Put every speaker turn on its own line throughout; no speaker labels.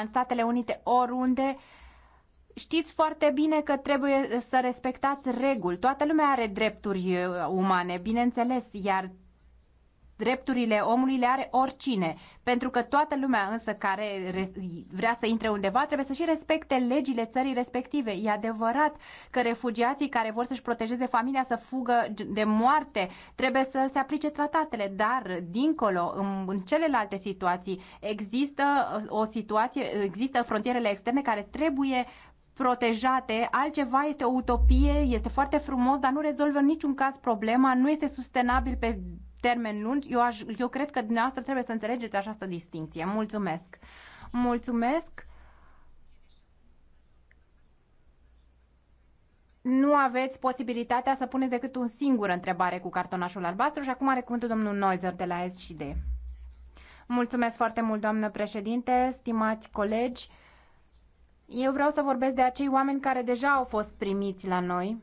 în Statele Unite, oriunde, știți foarte bine că trebuie să respectați reguli. Toată lumea are drepturi uh, umane, bineînțeles, iar drepturile omului le are oricine. Pentru că toată lumea însă care vrea să intre undeva trebuie să și respecte legile țării respective. E adevărat că refugiații care vor să-și protejeze familia să fugă de moarte trebuie să se aplice tratatele, dar dincolo, în, în celelalte situații, există uh, o situație, există frontierele externe care trebuie protejate, altceva este o utopie, este foarte frumos, dar nu rezolvă în niciun caz problema, nu este sustenabil pe termen lungi, eu, aș, eu cred că dumneavoastră trebuie să înțelegeți această distinție. Mulțumesc! Mulțumesc! Nu aveți posibilitatea să puneți decât un singur întrebare cu cartonașul albastru și acum are cuvântul domnul Noizer de la SCD. Mulțumesc foarte mult, doamnă președinte, stimați colegi. Eu vreau să vorbesc de acei oameni care deja au fost primiți la noi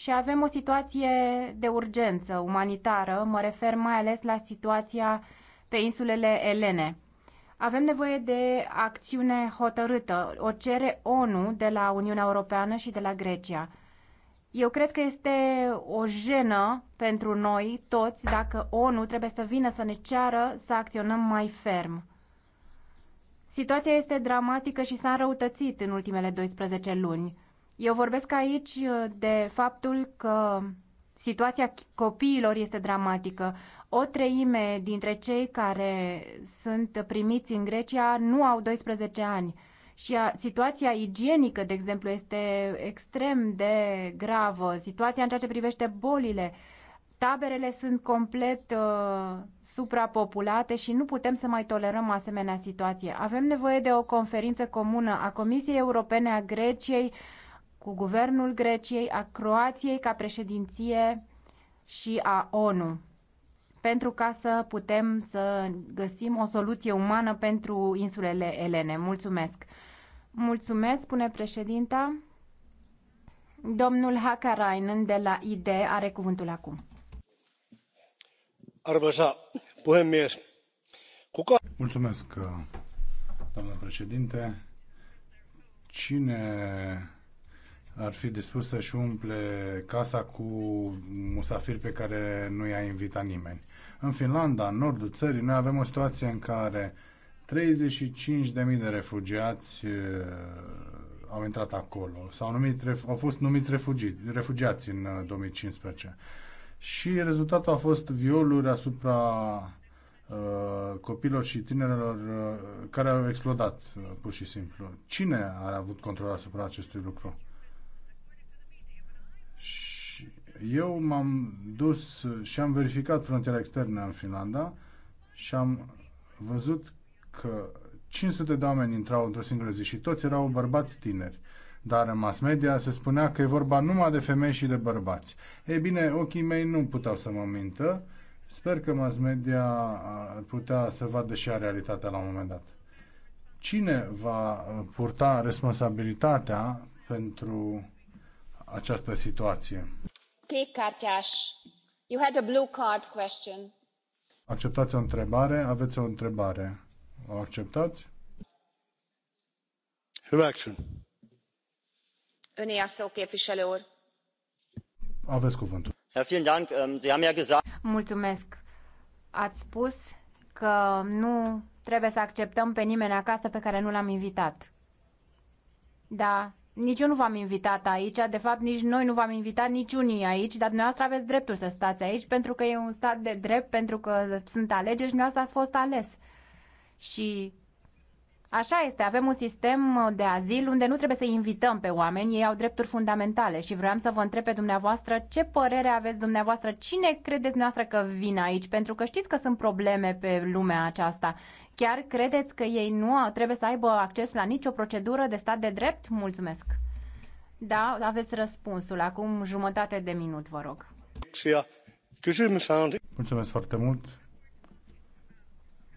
și avem o situație de urgență umanitară, mă refer mai ales la situația pe insulele Elene. Avem nevoie de acțiune hotărâtă, o cere ONU de la Uniunea Europeană și de la Grecia. Eu cred că este o jenă pentru noi toți dacă ONU trebuie să vină să ne ceară să acționăm mai ferm. Situația este dramatică și s-a înrăutățit în ultimele 12 luni. Eu vorbesc aici uh, de faptul că situația copiilor este dramatică. O treime dintre cei care sunt primiți în Grecia nu au 12 ani. Și a, uh, situația igienică, de exemplu, este extrem de gravă. Situația în ceea ce privește bolile. Taberele sunt complet uh, suprapopulate și nu putem să mai tolerăm asemenea situație. Avem nevoie de o conferință comună a Comisiei Europene a Greciei, uh, cu guvernul Greciei, a Croației ca președinție și a ONU pentru ca să putem să găsim o soluție umană pentru insulele Elene. Mulțumesc! Mulțumesc, spune președinta. Domnul Hakarainen de la ID are cuvântul acum.
Arvoisa
puhemies. Cuca...
Mulțumesc, domnule președinte. Cine ar fi dispus să-și umple casa cu musafiri pe care nu i-a invitat nimeni. În Finlanda, în nordul țării, noi avem o situație în care 35.000 de refugiați uh, au intrat acolo, s-au numit, au fost numiți refugi, refugiați în 2015. Uh, și rezultatul a fost violuri asupra uh, copilor și tinerilor uh, care au explodat, uh, pur și simplu. Cine a avut control asupra acestui lucru? Eu m-am dus și am verificat frontiera externă în Finlanda și am văzut că 500 de oameni intrau într-o singură zi și toți erau bărbați tineri. Dar în mass media se spunea că e vorba numai de femei și de bărbați. Ei bine, ochii mei nu puteau să mă mintă. Sper că mass media ar putea să vadă și a realitatea la un moment dat. Cine va uh, purta responsabilitatea pentru această situație? Acceptați o întrebare? Aveți o întrebare. O acceptați?
Öné a szó, képviselő úr.
Aveți cuvântul. Ähm,
Mulțumesc. Ați spus că nu trebuie să acceptăm pe nimeni acasă pe care nu l-am invitat. Da, nici eu nu v-am invitat aici, de fapt nici noi nu v-am invitat niciunii aici, dar dumneavoastră aveți dreptul să stați aici pentru că e un stat de drept, pentru că sunt alegeri și dumneavoastră ați fost ales. Și Așa este, avem un sistem uh, de azil unde nu trebuie să invităm pe oameni, ei au drepturi fundamentale și vreau să vă întreb pe dumneavoastră ce părere aveți dumneavoastră, cine credeți dumneavoastră că vine aici, pentru că știți că sunt probleme pe lumea aceasta. Chiar credeți că ei nu au trebuie să aibă acces la nicio procedură de stat de drept? Mulțumesc! Da, aveți răspunsul. Acum jumătate de minut, vă rog.
Mulțumesc foarte mult.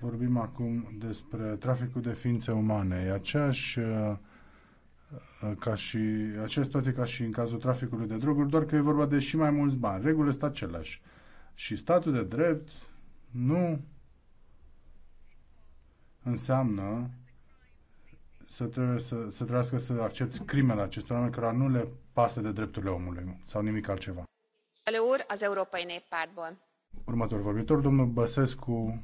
Vorbim acum despre traficul de ființe umane. E aceeași, uh, ca și, aceeași situație ca și în cazul traficului de droguri, doar că e vorba de și mai mulți bani. Regulile sunt aceleași. Și statul de drept nu înseamnă să, trebuie să, să trebuiască să accepti crimele acestor oameni care nu le pasă de drepturile omului sau nimic altceva. Următorul vorbitor, domnul Băsescu,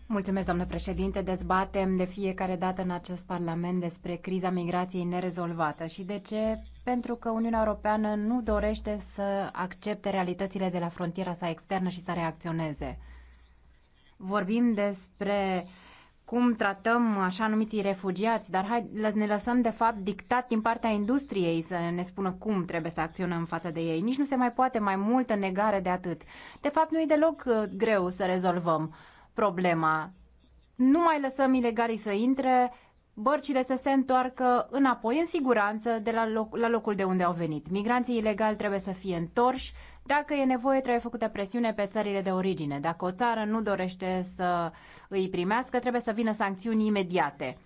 Mulțumesc,
doamnă președinte. Dezbatem de fiecare dată în acest Parlament despre criza migrației nerezolvată. Și de ce? Pentru că Uniunea Europeană nu dorește să accepte realitățile de la frontiera sa externă și să reacționeze. Vorbim despre cum tratăm așa numiții refugiați, dar hai, ne lăsăm de fapt dictat din partea industriei să ne spună cum trebuie să acționăm față de ei. Nici nu se mai poate mai multă negare de atât. De fapt, nu e deloc uh, greu să rezolvăm problema. Nu mai lăsăm ilegalii să intre, bărcile să se întoarcă înapoi în siguranță de la, loc, la locul de unde au venit. Migranții ilegali trebuie să fie întorși. Dacă e nevoie, trebuie făcută presiune pe țările de origine. Dacă o țară nu dorește să îi primească, trebuie să vină sancțiuni imediate.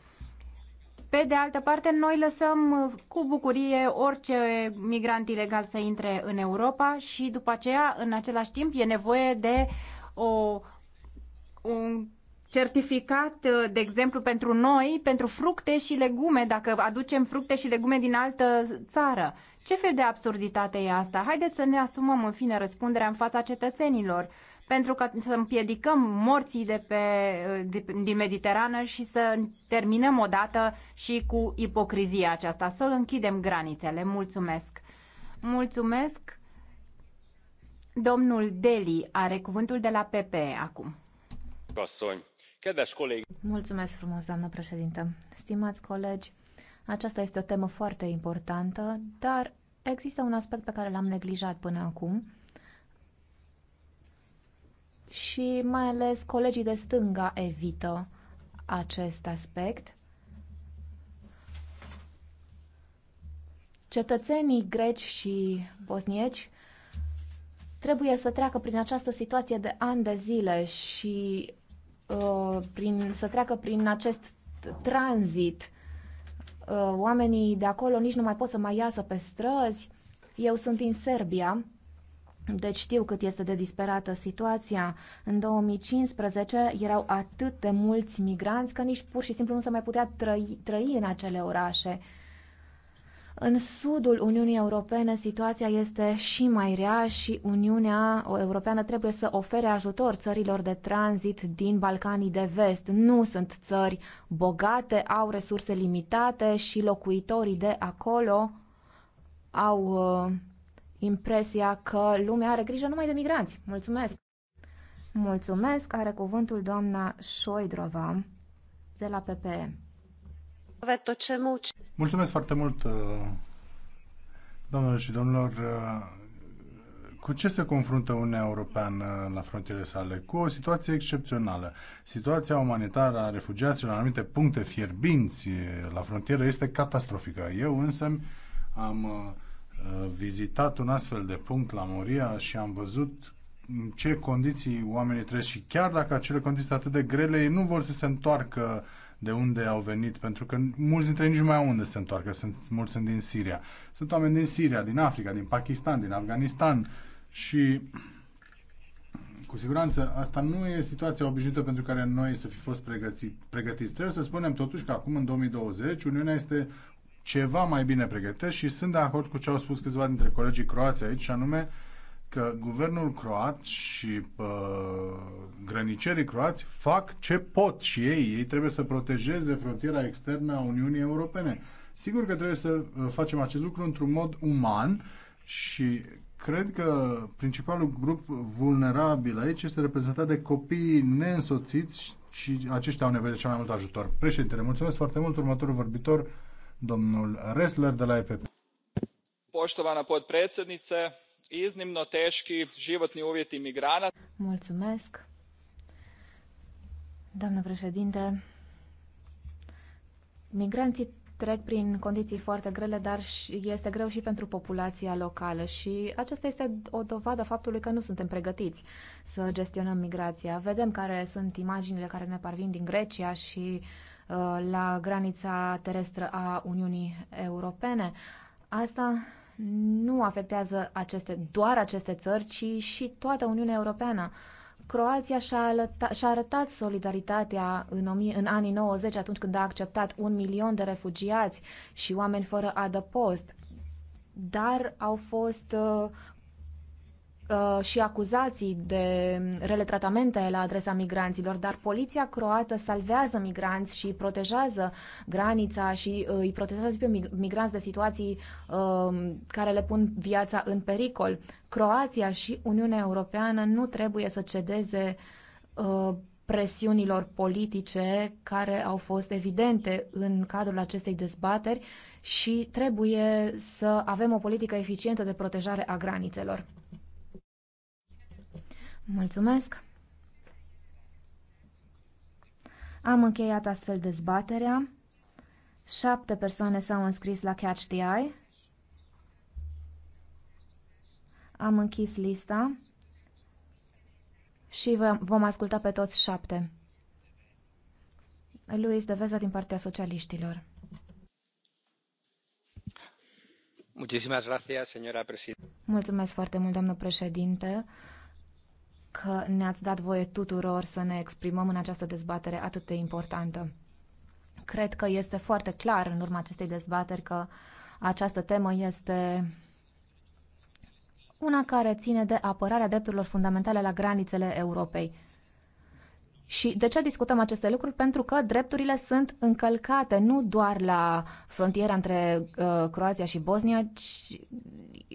Pe de altă parte, noi lăsăm cu bucurie orice migrant ilegal să intre în Europa și după aceea, în același timp, e nevoie de o un certificat, uh, de exemplu, pentru noi, pentru fructe și legume, dacă aducem fructe și legume din altă țară. Ce fel de absurditate e asta? Haideți să ne asumăm, în fine, răspunderea în fața cetățenilor pentru că să împiedicăm morții de pe, uh, de, din Mediterană și să terminăm odată și cu ipocrizia aceasta, să închidem granițele. Mulțumesc! Mulțumesc!
Domnul Deli are cuvântul de la PP acum. Mulțumesc doamnă președintă. Stimați colegi, aceasta este o temă foarte importantă, dar există un aspect pe care l-am neglijat până acum și mai ales colegii de stânga evită acest aspect. Cetățenii greci și bosnieci trebuie să treacă prin această situație de ani de zile și Uh, prin, să treacă prin acest tranzit. Uh, oamenii de acolo nici nu mai pot să mai iasă pe străzi. Eu sunt în Serbia, deci știu cât este de disperată situația. În 2015 erau atât de mulți migranți că nici pur și simplu nu se mai putea trăi, trăi în acele orașe. Uh, în sudul Uniunii Europene situația este și mai rea și Uniunea Europeană trebuie să ofere ajutor țărilor de tranzit din Balcanii de vest. Nu sunt țări bogate, au resurse limitate și locuitorii de acolo au uh, impresia că lumea are grijă numai de migranți. Mulțumesc! Mulțumesc! Are cuvântul doamna Șoidrova de la PPE.
Mulțumesc foarte mult, uh, doamnelor și domnilor. Uh, cu ce se confruntă Uniunea Europeană la frontierele sale? Cu o situație excepțională. Situația umanitară a refugiaților în anumite puncte fierbinți uh, la frontieră este catastrofică. Eu însă am vizitat un astfel de punct la Moria și am văzut în ce condiții oamenii trăiesc și chiar dacă acele condiții sunt atât de grele, ei nu vor să se întoarcă uh, de unde au venit, pentru că mulți dintre ei nici nu mai au unde se întoarcă, sunt, mulți sunt din Siria. Sunt oameni din Siria, din Africa, din Pakistan, din Afganistan și cu siguranță asta nu e situația obișnuită pentru care noi să fi fost pregăți, pregătiți. Trebuie să spunem totuși că acum în 2020 Uniunea este ceva mai bine pregătită și sunt de acord cu ce au spus câțiva dintre colegii croați aici, și anume că guvernul croat și uh, grănicerii croați fac ce pot și ei. Ei trebuie să protejeze frontiera externă a Uniunii Europene. Sigur că trebuie să ă, facem acest lucru într-un mod uman și cred că principalul grup vulnerabil aici este reprezentat de copiii neînsoțiți și aceștia au nevoie de cel mai mult ajutor. Președintele, mulțumesc foarte mult. Următorul vorbitor, domnul Ressler de la EPP.
Poștovana podpredsednice, iznimno teški životni uvjeti migranata.
Mulțumesc. Doamnă președinte, migranții trec prin condiții foarte grele, dar este greu și pentru populația locală și aceasta este o dovadă faptului că nu suntem pregătiți să gestionăm migrația. Vedem care sunt imaginile care ne parvin din Grecia și uh, la granița terestră a Uniunii Europene. Asta nu afectează aceste, doar aceste țări, ci și toată Uniunea Europeană. Croația și-a, alăta, și-a arătat solidaritatea în, în anii 90 atunci când a acceptat un milion de refugiați și oameni fără adăpost, dar au fost uh, Uh, și acuzații de rele tratamente la adresa migranților, dar poliția croată salvează migranți și protejează granița și uh, îi protejează pe migranți de situații uh, care le pun viața în pericol. Croația și Uniunea Europeană nu trebuie să cedeze presiunilor politice care au fost evidente în cadrul acestei dezbateri și trebuie să avem o politică eficientă de protejare a granițelor. Mulțumesc! Am încheiat astfel dezbaterea. Șapte persoane s-au înscris la Catch the Eye. Am închis lista și vom asculta pe toți șapte. Luis de Veza din partea socialiștilor. Mulțumesc foarte mult, doamnă președinte că ne-ați dat voie tuturor să ne exprimăm în această dezbatere atât de importantă. Cred că este foarte clar în urma acestei dezbateri că această temă este una care ține de apărarea drepturilor fundamentale la granițele Europei. Și de ce discutăm aceste lucruri? Pentru că drepturile sunt încălcate nu doar la frontiera între uh, Croația și Bosnia, ci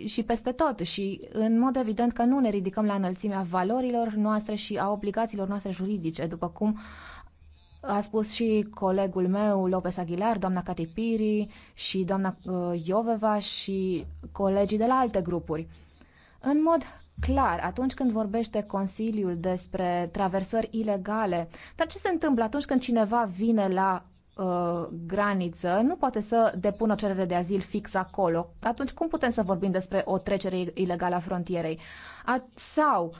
și peste tot. Și în mod evident că nu ne ridicăm la înălțimea valorilor noastre și a obligațiilor noastre juridice, după cum a spus și colegul meu, Lopez Aguilar, doamna Catipiri și doamna uh, Ioveva și colegii de la alte grupuri. În mod clar atunci când vorbește Consiliul despre traversări ilegale. Dar ce se întâmplă atunci când cineva vine la uh, graniță, nu poate să depună cerere de azil fix acolo. Atunci cum putem să vorbim despre o trecere ilegală a frontierei? A, sau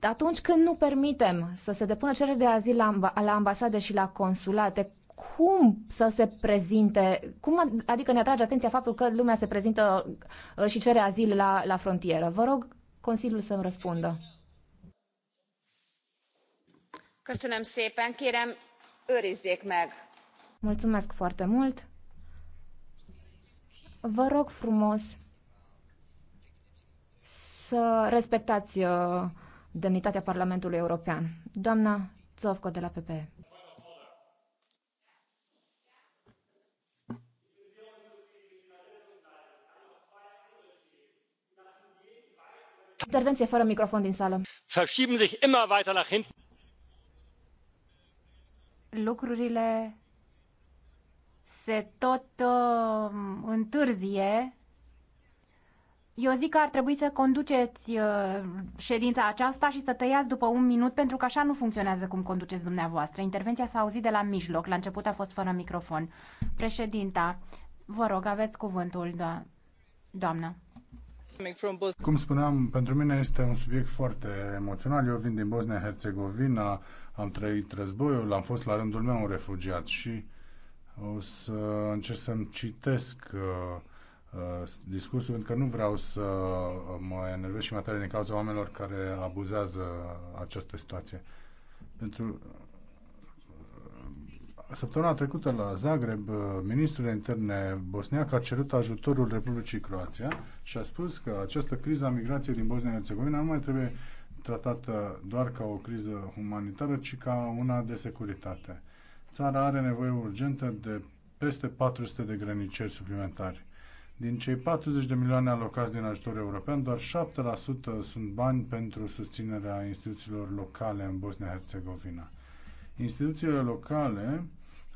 atunci când nu permitem să se depună cerere de azil la, la ambasade și la consulate, cum să se prezinte, cum, adică ne atrage atenția faptul că lumea se prezintă uh, și cere azil la, la frontieră. Vă rog Consiliul să-mi răspundă.
Köszönöm szépen, kérem, őrizzék meg.
Mulțumesc foarte mult. Vă rog frumos să respectați uh, demnitatea Parlamentului European. Doamna Zovco de la PPE. Intervenție fără microfon din sală.
Verschieben sich immer weiter nach hinten.
Lucrurile se tot uh, întârzie. Eu zic că ar trebui să conduceți uh, ședința aceasta și să tăiați după un minut, pentru că așa nu funcționează cum conduceți dumneavoastră. Intervenția s-a auzit de la mijloc, la început a fost fără microfon. Președinta, vă rog, aveți cuvântul, do- doamnă.
Cum spuneam, pentru mine este un subiect foarte emoțional. Eu vin din Bosnia-Herzegovina, am trăit războiul, am fost la rândul meu un refugiat și o să încerc să-mi citesc uh, uh, discursul, pentru că nu vreau să mă enervez și mai tare din cauza oamenilor care abuzează această situație. Pentru Săptămâna trecută la Zagreb, uh, ministrul de interne bosniac a cerut ajutorul Republicii Croația și a spus că această criză a migrației din Bosnia-Herzegovina nu mai trebuie tratată doar ca o criză umanitară, ci ca una de securitate. Țara are nevoie urgentă de peste 400 de grăniceri suplimentari. Din cei 40 de milioane alocați din ajutor european, doar 7% sunt bani pentru susținerea instituțiilor locale în Bosnia-Herzegovina. Instituțiile locale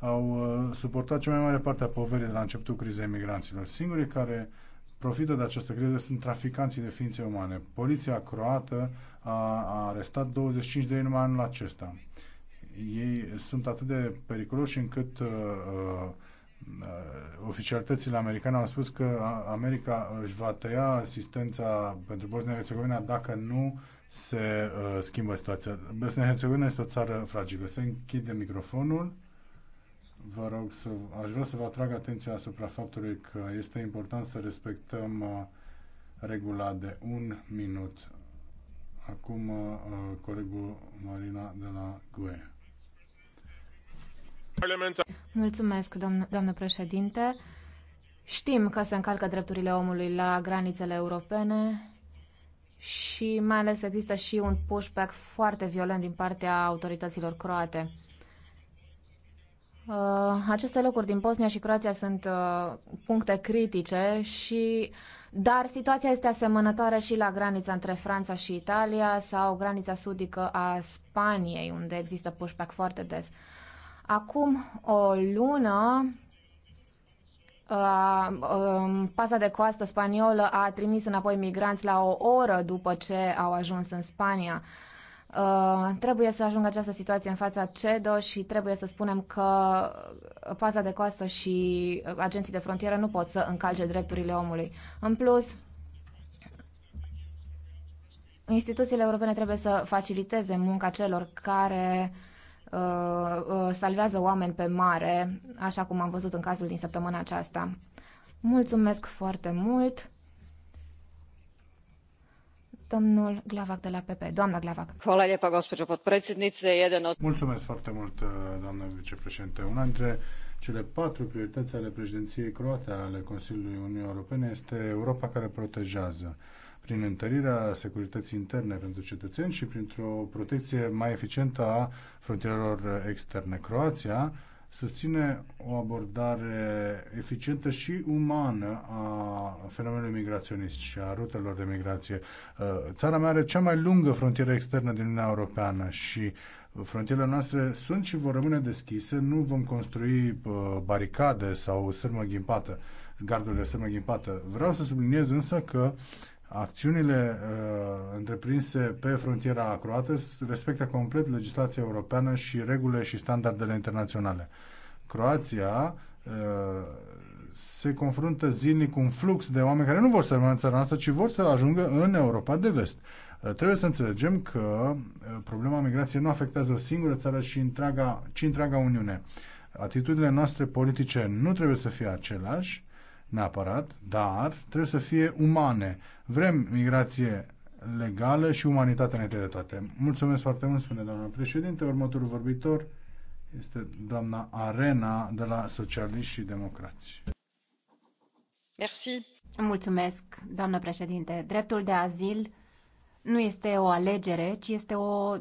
au uh, suportat cea mai mare parte a poverii de la începutul crizei migranților. Singurii care profită de această criză sunt traficanții de ființe umane. Poliția croată a, a arestat 25 de ei numai anul acesta. Ei sunt atât de periculoși încât uh, uh, oficialitățile americane au spus că America își va tăia asistența pentru Bosnia-Herzegovina dacă nu se uh, schimbă situația. Bosnia-Herzegovina este o țară fragilă. Se închide microfonul vă rog să, aș vrea să vă atrag atenția asupra faptului că este important să respectăm uh, regula de un minut. Acum uh, colegul Marina de la GUE.
Mulțumesc, doamnă, doamnă președinte. Știm că se încalcă drepturile omului la granițele europene și mai ales există și un pushback foarte violent din partea autorităților croate. Uh, aceste locuri din Bosnia și Croația sunt uh, puncte critice și dar situația este asemănătoare și la granița între Franța și Italia sau granița sudică a Spaniei, unde există pushback foarte des. Acum o lună, uh, um, pasa de coastă spaniolă a trimis înapoi migranți la o oră după ce au ajuns în Spania. Uh, trebuie să ajungă această situație în fața CEDO și trebuie să spunem că paza de coastă și agenții de frontieră nu pot să încalce drepturile omului. În plus, instituțiile europene trebuie să faciliteze munca celor care uh, uh, salvează oameni pe mare, așa cum am văzut în cazul din săptămâna aceasta. Mulțumesc foarte mult! Domnul Glavac de la PP. Doamna Glavac.
Mulțumesc foarte mult, uh, doamna vicepreședinte. Una dintre cele patru priorități ale președinției croate ale Consiliului Uniunii Europene este Europa care protejează prin întărirea securității interne pentru cetățeni și printr-o protecție mai eficientă a frontierelor externe. Croația ține o abordare eficientă și umană a fenomenului migraționist și a rutelor de migrație. Uh, țara mea are cea mai lungă frontieră externă din Uniunea Europeană și frontierele noastre sunt și vor rămâne deschise, nu vom construi uh, baricade sau sârmă ghimpată, gardurile sârmă ghimpată. Vreau să subliniez însă că Acțiunile uh, întreprinse pe frontiera croată respectă complet legislația europeană și regulile și standardele internaționale. Croația uh, se confruntă zilnic cu un flux de oameni care nu vor să rămână în țara noastră, ci vor să ajungă în Europa de vest. Uh, trebuie să înțelegem că uh, problema migrației nu afectează o singură țară, ci întreaga, ci întreaga Uniune. Atitudinile noastre politice nu trebuie să fie aceleași neapărat, dar trebuie să fie umane. Vrem migrație legală și umanitatea înainte de toate. Mulțumesc foarte mult, spune doamna președinte. Următorul vorbitor este doamna Arena de la Socialiști și Democrați.
Merci. Mulțumesc, doamnă președinte. Dreptul de azil nu este o alegere, ci este o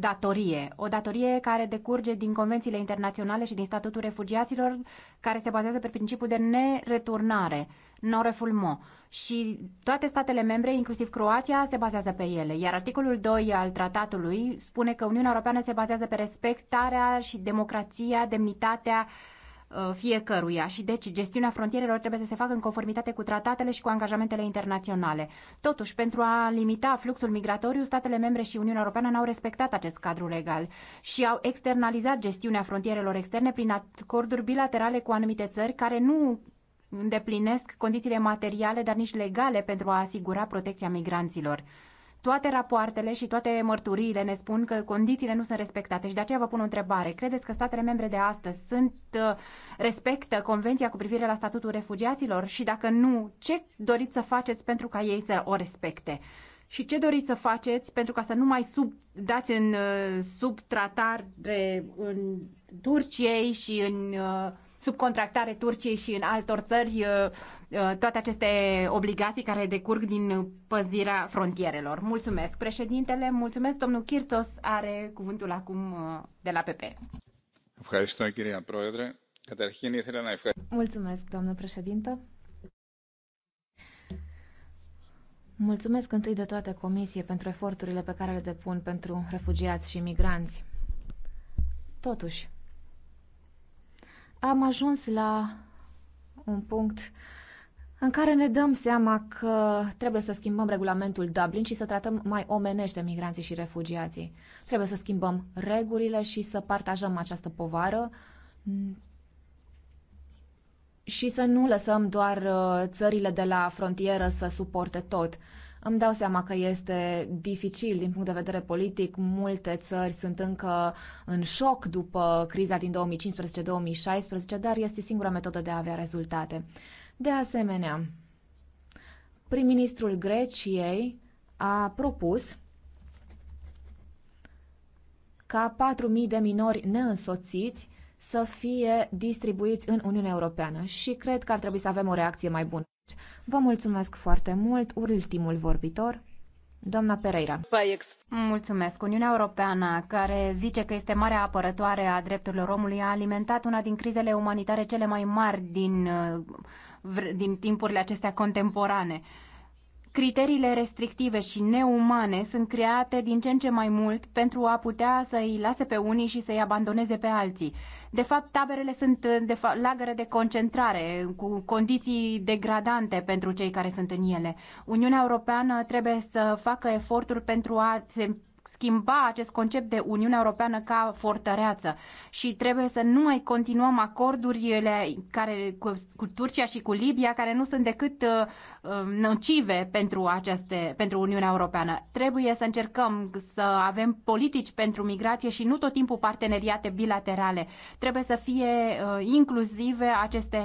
datorie, o datorie care decurge din convențiile internaționale și din statutul refugiaților, care se bazează pe principiul de nereturnare, non refulmo. Și toate statele membre, inclusiv Croația, se bazează pe ele. Iar articolul 2 al tratatului spune că Uniunea Europeană se bazează pe respectarea și democrația, demnitatea, uh, Uh, fiecăruia și deci gestiunea frontierelor trebuie să se facă în conformitate cu tratatele și cu angajamentele internaționale. Totuși, pentru a limita fluxul migratoriu, statele membre și Uniunea Europeană n-au respectat acest cadru legal și au externalizat gestiunea frontierelor externe prin acorduri bilaterale cu anumite țări care nu îndeplinesc condițiile materiale, dar nici legale pentru a asigura protecția migranților. Toate rapoartele și toate mărturiile ne spun că condițiile nu sunt respectate și de aceea vă pun o întrebare. Credeți că statele membre de astăzi sunt, uh, respectă Convenția cu privire la statutul refugiaților și dacă nu, ce doriți să faceți pentru ca ei să o respecte? Și ce doriți să faceți pentru ca să nu mai sub, dați în uh, subtratare în Turciei și în uh, subcontractare Turciei și în altor țări Uh, toate aceste obligații care decurg din păzirea frontierelor. Mulțumesc, președintele, mulțumesc. Domnul Kirtos are cuvântul acum uh, de la PP.
Mulțumesc, doamnă președintă. Mulțumesc întâi de toate Comisie pentru eforturile pe care le depun pentru refugiați și migranți. Totuși, am ajuns la un punct uh, în care ne dăm seama că trebuie să schimbăm regulamentul Dublin și să tratăm mai omenește migranții și refugiații. Trebuie să schimbăm regulile și să partajăm această povară și să nu lăsăm doar uh, țările de la frontieră să suporte tot. Îmi dau seama că este dificil din punct de vedere politic. Multe țări sunt încă în șoc după criza din 2015-2016, dar este singura metodă de a avea rezultate. De asemenea, prim-ministrul Greciei a propus ca 4.000 de minori neînsoțiți să fie distribuiți în Uniunea Europeană și cred că ar trebui să avem o reacție mai bună. Deci, vă mulțumesc foarte mult, ultimul vorbitor. Doamna Pereira.
Mulțumesc. Uniunea Europeană, care zice că este marea apărătoare a drepturilor omului, a alimentat una din crizele umanitare cele mai mari din uh, din timpurile acestea contemporane. Criteriile restrictive și neumane sunt create din ce în ce mai mult pentru a putea să îi lase pe unii și să îi abandoneze pe alții. De fapt, taberele sunt de fapt, lagăre de concentrare, cu condiții degradante pentru cei care sunt în ele. Uniunea Europeană trebuie să facă eforturi pentru a se schimba acest concept de Uniunea Europeană ca fortăreață și trebuie să nu mai continuăm acordurile care, cu, cu Turcia și cu Libia care nu sunt decât uh, uh, nocive pentru, aceste, pentru Uniunea Europeană. Trebuie să încercăm să avem politici pentru migrație și nu tot timpul parteneriate bilaterale. Trebuie să fie uh, inclusive aceste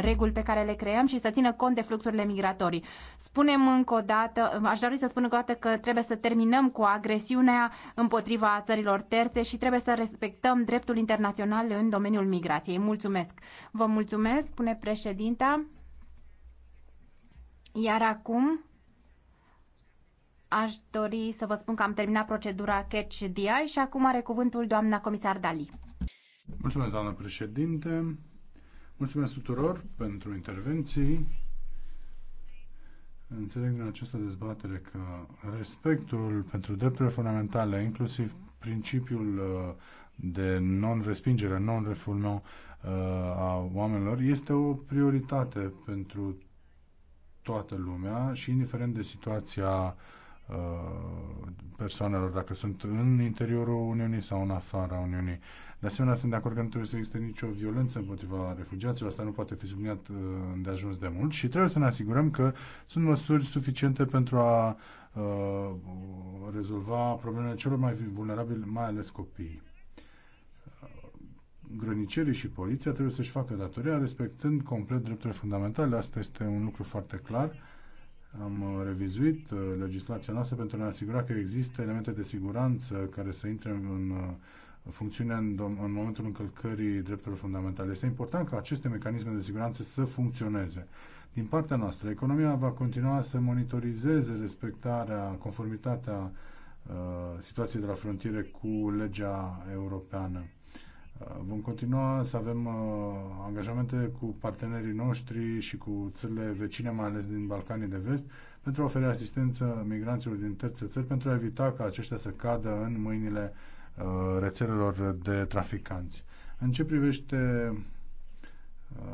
reguli pe care le creăm și să țină cont de fluxurile migratorii. Spunem încă o dată, aș dori să spun încă o dată că trebuie să terminăm cu agresiunea presiunea împotriva țărilor terțe și trebuie să respectăm dreptul internațional în domeniul migrației. Mulțumesc! Vă mulțumesc, spune președinta. Iar acum aș dori să vă spun că am terminat procedura Catch DI și acum are cuvântul doamna comisar Dali.
Mulțumesc, doamnă președinte. Mulțumesc tuturor pentru intervenții. Înțeleg din această dezbatere că respectul pentru drepturile fundamentale, inclusiv principiul uh, de non-respingere, non-refoulement uh, a oamenilor, este o prioritate pentru toată lumea și indiferent de situația Uh, persoanelor, dacă sunt în interiorul Uniunii sau în afara Uniunii. De asemenea, sunt de acord că nu trebuie să existe nicio violență împotriva refugiaților. Asta nu poate fi subliniat uh, de ajuns de mult și trebuie să ne asigurăm că sunt măsuri suficiente pentru a uh, rezolva problemele celor mai vulnerabili, mai ales copiii. Grănicerii și poliția trebuie să-și facă datoria respectând complet drepturile fundamentale. Asta este un lucru foarte clar am uh, revizuit uh, legislația noastră pentru a ne asigura că există elemente de siguranță care să intre în uh, funcțiune în, în momentul încălcării drepturilor fundamentale. Este important ca aceste mecanisme de siguranță să funcționeze. Din partea noastră, economia va continua să monitorizeze respectarea, conformitatea situației de la frontiere cu legea europeană. Uh, vom continua să avem uh, angajamente cu partenerii noștri și cu țările vecine, mai ales din Balcanii de Vest, pentru a oferi asistență migranților din terțe țări, pentru a evita ca aceștia să cadă în mâinile uh, rețelelor de traficanți. În ce privește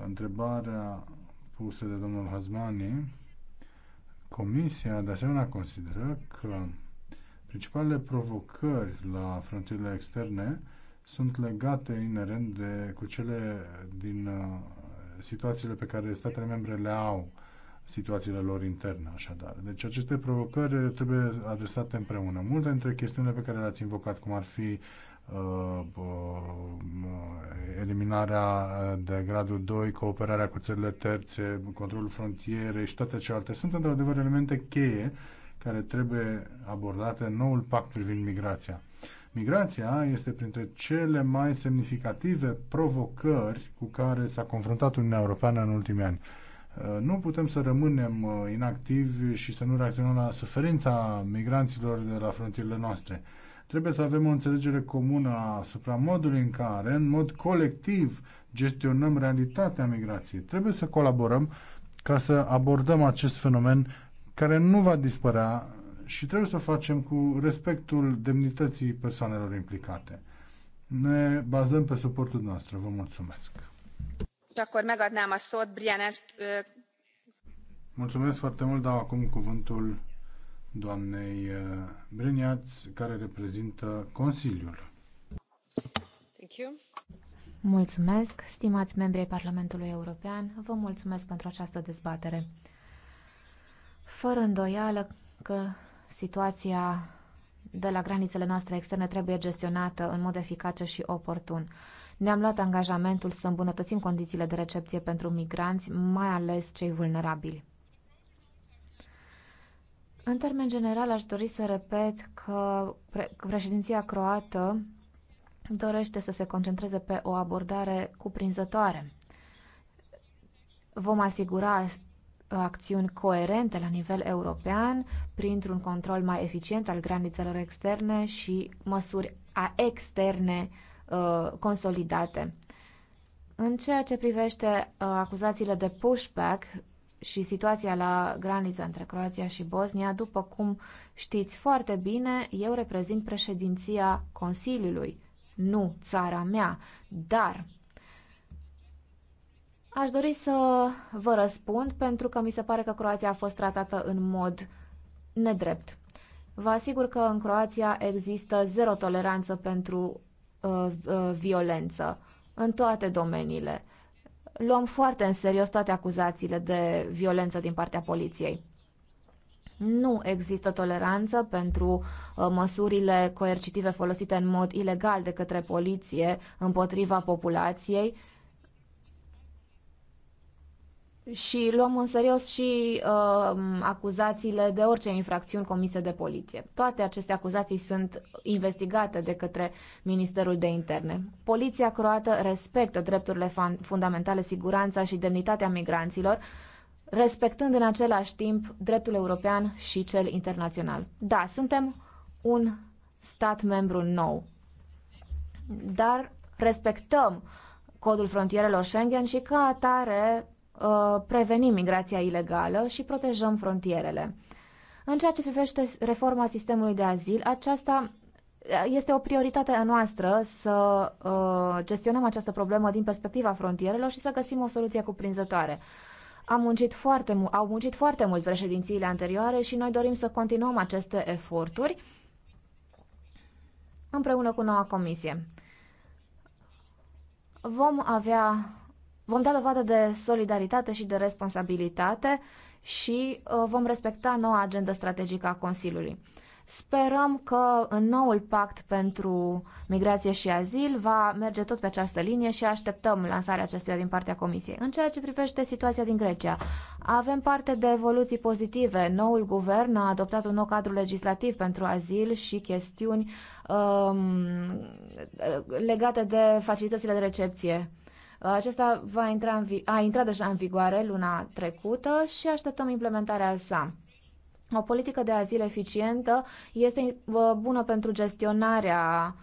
întrebarea pusă de domnul Hazmani, Comisia de asemenea consideră că principalele provocări la frontierele externe sunt legate inerent de, cu cele din uh, situațiile pe care statele membre le au, situațiile lor interne, așadar. Deci aceste provocări trebuie adresate împreună. Multe dintre chestiunile pe care le-ați invocat, cum ar fi uh, uh, eliminarea de gradul 2, cooperarea cu țările terțe, controlul frontierei și toate celelalte, sunt într-adevăr elemente cheie care trebuie abordate în noul pact privind migrația Migrația este printre cele mai semnificative provocări cu care s-a confruntat Uniunea Europeană în ultimii ani. Uh, nu putem să rămânem uh, inactivi și să nu reacționăm la suferința migranților de la frontierele noastre. Trebuie să avem o înțelegere comună asupra modului în care, în mod colectiv, gestionăm realitatea migrației. Trebuie să colaborăm ca să abordăm acest fenomen care nu va dispărea și trebuie să o facem cu respectul demnității persoanelor implicate. Ne bazăm pe suportul nostru. Vă mulțumesc.
Și acum megadnám a szót
Mulțumesc foarte mult, dau acum cuvântul doamnei Brâniaț, care reprezintă Consiliul.
Thank you.
Mulțumesc, stimați ai Parlamentului European, vă mulțumesc pentru această dezbatere. Fără îndoială că situația de la granițele noastre externe trebuie gestionată în mod eficace și oportun. Ne-am luat angajamentul să îmbunătățim condițiile de recepție pentru migranți, mai ales cei vulnerabili. În termen general, aș dori să repet că președinția croată dorește să se concentreze pe o abordare cuprinzătoare. Vom asigura acțiuni coerente la nivel european, printr-un control mai eficient al granițelor externe și măsuri a externe uh, consolidate. În ceea ce privește uh, acuzațiile de pushback și situația la graniță între Croația și Bosnia, după cum știți foarte bine, eu reprezint președinția Consiliului, nu țara mea, dar Aș dori să vă răspund pentru că mi se pare că Croația a fost tratată în mod nedrept. Vă asigur că în Croația există zero toleranță pentru uh, uh, violență în toate domeniile. Luăm foarte în serios toate acuzațiile de violență din partea poliției. Nu există toleranță pentru uh, măsurile coercitive folosite în mod ilegal de către poliție împotriva populației, uh, și luăm în serios și uh, acuzațiile de orice infracțiuni comise de poliție. Toate aceste acuzații sunt investigate de către Ministerul de Interne. Poliția croată respectă drepturile fundamentale, siguranța și demnitatea migranților, respectând în același timp dreptul european și cel internațional. Da, suntem un stat membru nou, dar respectăm codul frontierelor Schengen și ca atare Uh, prevenim migrația ilegală și protejăm frontierele. În ceea ce privește reforma sistemului de azil, aceasta uh, este o prioritate a noastră să uh, gestionăm această problemă din perspectiva frontierelor și să găsim o soluție cuprinzătoare. Am muncit foarte, au muncit foarte mult președințiile anterioare și noi dorim să continuăm aceste eforturi împreună cu noua comisie. Vom avea vom da dovadă de solidaritate și de responsabilitate și uh, vom respecta noua agendă strategică a Consiliului. Sperăm că în noul pact pentru migrație și azil va merge tot pe această linie și așteptăm lansarea acestuia din partea Comisiei. În ceea ce privește situația din Grecia, avem parte de evoluții pozitive. Noul guvern a adoptat un nou cadru legislativ pentru azil și chestiuni um, legate de facilitățile de recepție acesta va intra în a intrat deja în vigoare luna trecută și așteptăm implementarea sa. O politică de azil eficientă este uh, bună pentru gestionarea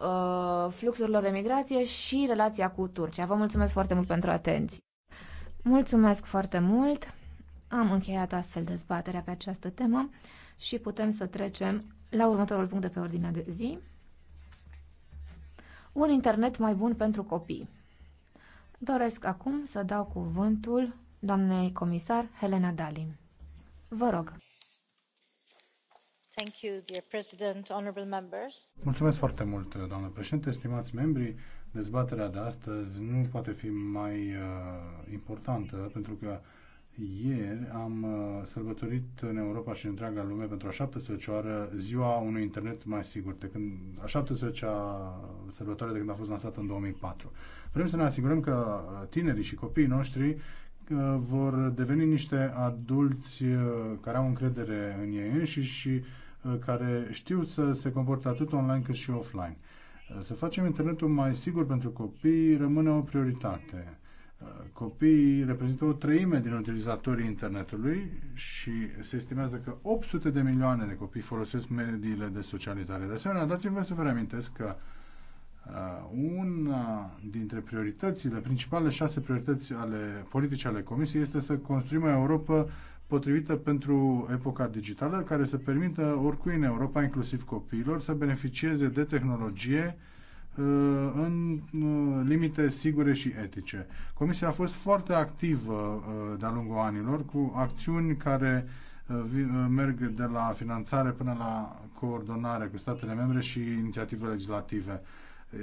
uh, fluxurilor de migrație și relația cu Turcia. Vă mulțumesc foarte mult pentru atenție. Mulțumesc foarte mult. Am încheiat astfel dezbaterea pe această temă și putem să trecem la următorul punct de pe ordinea de zi. Un internet mai bun pentru copii. Doresc acum să dau cuvântul doamnei comisar Helena Dali. Vă rog.
Thank you, dear President, honorable members.
Mulțumesc foarte mult, doamnă președinte, stimați membri. Dezbaterea de astăzi nu poate fi mai uh, importantă pentru că ieri am uh, sărbătorit în Europa și în întreaga lume pentru a 17 oară ziua unui internet mai sigur, de când, a 17-a sărbătoare de când a fost lansată în 2004. Vrem să ne asigurăm că uh, tinerii și copiii noștri uh, vor deveni niște adulți care au încredere în ei înșiși și care știu să se comporte atât online cât și offline. Să facem internetul mai sigur pentru copii rămâne o prioritate Copiii reprezintă o treime din utilizatorii internetului și se estimează că 800 de milioane de copii folosesc mediile de socializare. De asemenea, dați-mi să vă reamintesc că uh, una dintre prioritățile, principale șase priorități ale politice ale Comisiei este să construim o Europa potrivită pentru epoca digitală, care să permită oricui în Europa, inclusiv copiilor, să beneficieze de tehnologie Uh, în uh, limite sigure și etice. Comisia a fost foarte activă uh, de-a lungul anilor cu acțiuni care merg de la finanțare până la coordonare cu statele membre și inițiative legislative.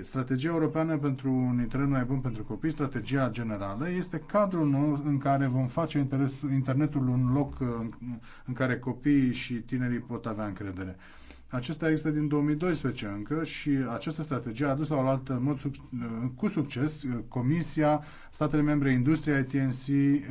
Strategia europeană pentru un internet mai bun pentru copii, strategia generală, este cadrul nou în care vom face internetul un loc în, care copiii și tinerii pot avea încredere. Acesta există din 2012 încă și această strategie a adus la o altă mod suc, cu succes uh, Comisia, statele membre, industria, ITNC uh,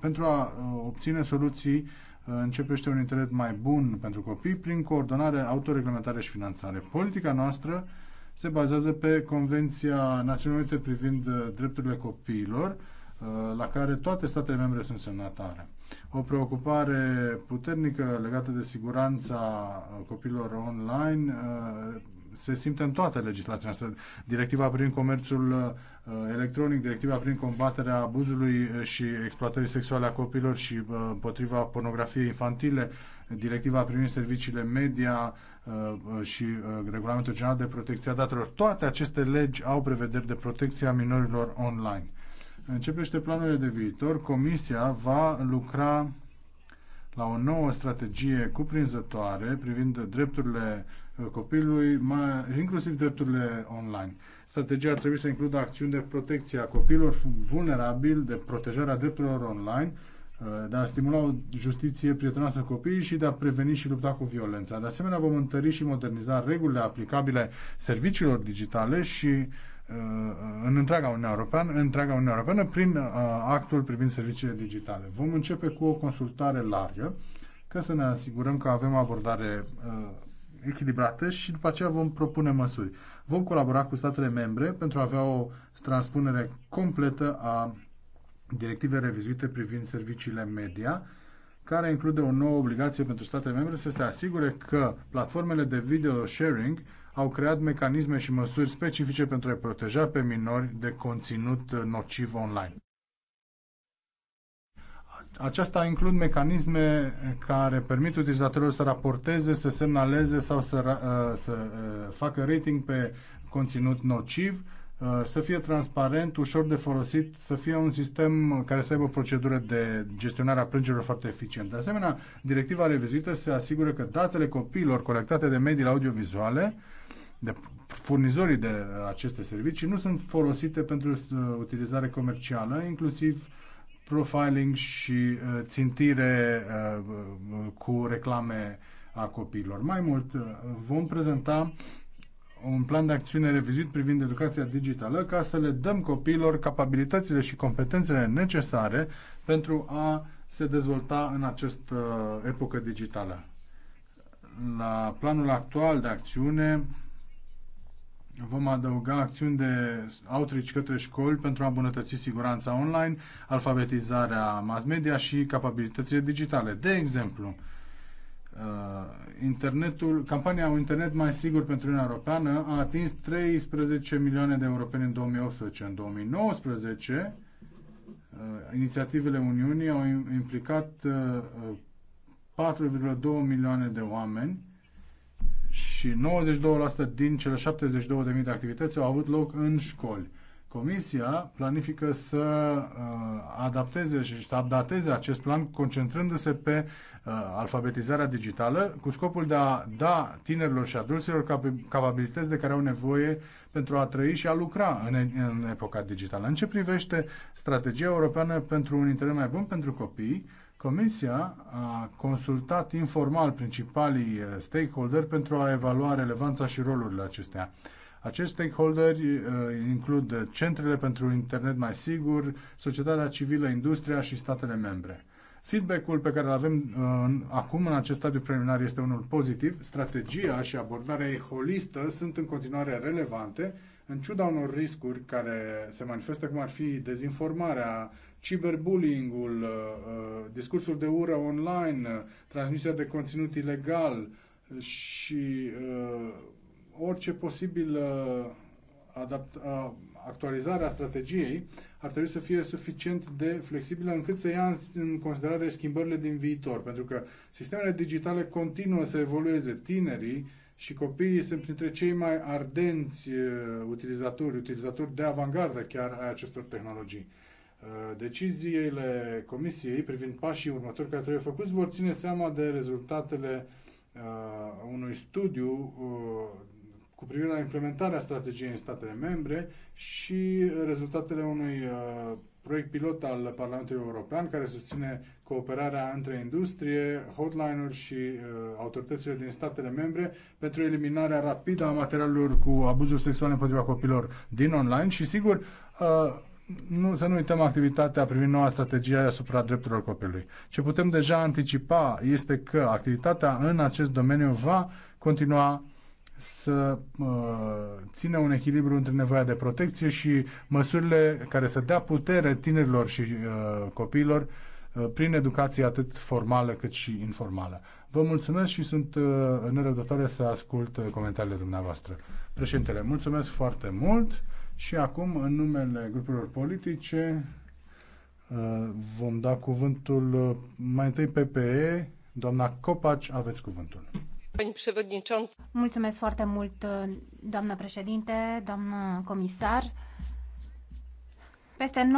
pentru a uh, obține soluții începește un internet mai bun pentru copii prin coordonare, autoreglementare și finanțare. Politica noastră se bazează pe Convenția Națiunilor Unite privind drepturile copiilor, Uh, la care toate statele membre sunt semnatare. O preocupare puternică legată de siguranța uh, copiilor online uh, se simte în toate legislația asta. Directiva prin comerțul electronic, directiva prin combaterea abuzului și exploatării sexuale a copiilor și împotriva pornografiei infantile, directiva privind serviciile media și regulamentul general de protecție a datelor. Toate aceste legi au prevederi de protecție a minorilor online. În planurile de viitor, Comisia va lucra la o nouă strategie cuprinzătoare privind drepturile uh, copilului, mai, inclusiv drepturile online. Strategia ar trebui să includă acțiuni de protecție a copiilor vulnerabili, de protejarea drepturilor online, uh, de a stimula o justiție prietenoasă copiii și de a preveni și lupta cu violența. De asemenea, vom întări și moderniza regulile aplicabile serviciilor digitale și uh, Uh, în întreaga Uniune Europeană, întreaga Uniune Europeană prin uh, actul privind serviciile digitale. Vom începe cu o consultare largă ca să ne asigurăm că avem abordare uh, echilibrată și după aceea vom propune măsuri. Vom colabora cu statele membre pentru a avea o transpunere completă a directivei revizuite privind serviciile media, care include o nouă obligație pentru statele membre să se asigure că platformele de video sharing au creat mecanisme și măsuri specifice pentru a proteja pe minori de conținut nociv online. Aceasta includ mecanisme care permit utilizatorilor să raporteze, să semnaleze sau să, ă, să ă, facă rating pe conținut nociv, ă, să fie transparent, ușor de folosit, să fie un sistem care să aibă procedură de gestionare a plângerilor foarte eficient. De asemenea, directiva revizuită se asigură că datele copiilor colectate de mediile audiovizuale de furnizorii de aceste servicii nu sunt folosite pentru uh, utilizare comercială, inclusiv profiling și uh, țintire uh, cu reclame a copiilor. Mai mult, vom prezenta un plan de acțiune revizuit privind educația digitală ca să le dăm copiilor capabilitățile și competențele necesare pentru a se dezvolta în această epocă digitală. La planul actual de acțiune Vom adăuga acțiuni de outreach către școli pentru a îmbunătăți siguranța online, alfabetizarea mass media și capabilitățile digitale. De exemplu, uh, internetul, campania Un internet mai sigur pentru Uniunea Europeană a atins 13 milioane de europeni în 2018. În 2019, uh, inițiativele Uniunii au implicat 4,2 uh, milioane de oameni și 92% din cele 72.000 de activități au avut loc în școli. Comisia planifică să uh, adapteze și să updateze acest plan concentrându-se pe uh, alfabetizarea digitală cu scopul de a da tinerilor și adulților cap- capabilități de care au nevoie pentru a trăi și a lucra în, în epoca digitală. În ce privește strategia europeană pentru un internet mai bun pentru copii, uh, Comisia a consultat informal principalii eh, stakeholder pentru a evalua relevanța și rolurile acestea. Acești stakeholder eh, includ centrele pentru internet mai sigur, societatea civilă, industria și statele membre. Feedback-ul pe care îl avem eh, acum în acest stadiu preliminar este unul pozitiv. Strategia și abordarea ei holistă sunt în continuare relevante, în ciuda unor riscuri care se manifestă, cum ar fi dezinformarea, ciberbullying-ul, uh, uh, discursul de ură online, uh, transmisia de conținut ilegal și orice posibil adapt, actualizare a strategiei ar trebui să fie suficient de flexibilă încât să ia în considerare schimbările din viitor, pentru că sistemele digitale continuă să evolueze. Tinerii și copiii sunt printre cei mai ardenți utilizatori, utilizatori de avangardă chiar ai acestor tehnologii. Uh, deciziile Comisiei privind pașii următori care trebuie făcuți vor ține seama de rezultatele uh, unui studiu uh, cu privire la implementarea strategiei în statele membre și rezultatele unui proiect pilot al Parlamentului European care susține cooperarea între industrie, hotline-uri și uh, autoritățile din statele membre pentru eliminarea rapidă a materialelor cu abuzuri sexuale împotriva copilor din online și sigur uh, nu, să nu uităm activitatea privind noua strategie asupra drepturilor copilului. Ce putem deja anticipa este că activitatea în acest domeniu va continua să uh, ține un echilibru între nevoia de protecție și măsurile care să dea putere tinerilor și uh, copiilor uh, prin educație atât formală cât și informală. Vă mulțumesc și sunt uh, nerăbdătoare să ascult uh, comentariile dumneavoastră. Președintele, mulțumesc foarte mult. Și acum, în numele grupurilor politice, uh, vom da cuvântul uh, mai întâi PPE. Doamna Copaci, aveți cuvântul.
Mulțumesc foarte mult, uh, doamnă președinte, doamnă comisar. Peste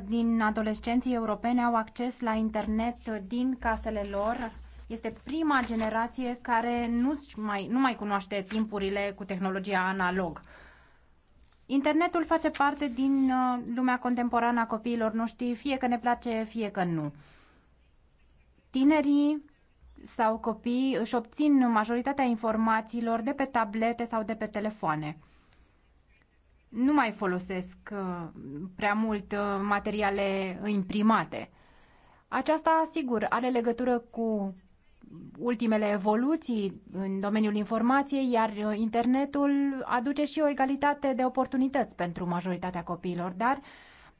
90% din adolescenții europeni au acces la internet din casele lor. Este prima generație care nu mai, nu mai cunoaște timpurile cu tehnologia analog. Internetul face parte din uh, lumea contemporană a copiilor noștri, fie că ne place, fie că nu. Tinerii sau copiii își obțin majoritatea informațiilor de pe tablete sau de pe telefoane. Nu mai folosesc uh, prea mult uh, materiale imprimate. Aceasta, sigur, are legătură cu ultimele evoluții în domeniul informației, iar internetul aduce și o egalitate de oportunități pentru majoritatea copiilor, dar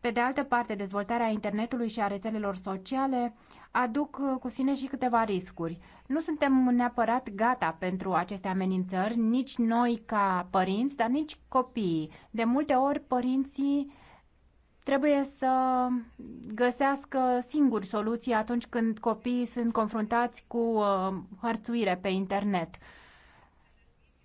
pe de altă parte, dezvoltarea internetului și a rețelelor sociale aduc cu sine și câteva riscuri. Nu suntem neapărat gata pentru aceste amenințări, nici noi ca părinți, dar nici copiii. De multe ori, părinții uh, trebuie să găsească singuri soluții atunci când copiii sunt confruntați cu uh, hărțuire pe internet.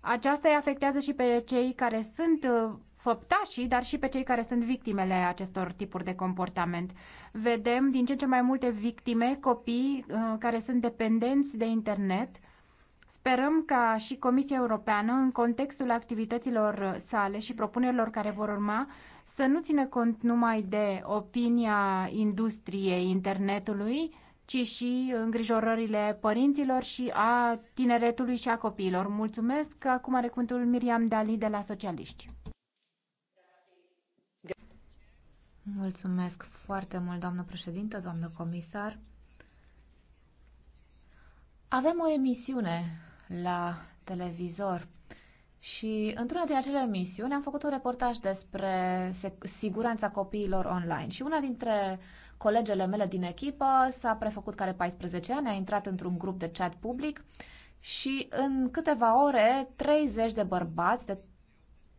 Aceasta îi afectează și pe cei care sunt uh, făptașii, dar și pe cei care sunt victimele acestor tipuri de comportament. Vedem din ce în ce mai multe victime, copii uh, care sunt dependenți de internet. Sperăm ca și Comisia Europeană, în contextul activităților sale și propunerilor care vor urma, să nu țină cont numai de opinia industriei internetului, ci și îngrijorările părinților și a tineretului și a copiilor. Mulțumesc. că Acum are cuvântul Miriam Dali de la Socialiști.
Mulțumesc foarte mult, doamnă președintă, doamnă comisar. Avem o emisiune la televizor și într-una din acele emisiuni am făcut un reportaj despre siguranța copiilor online și una dintre colegele mele din echipă s-a prefăcut care 14 ani, a intrat într-un grup de chat public și în câteva ore 30 de bărbați de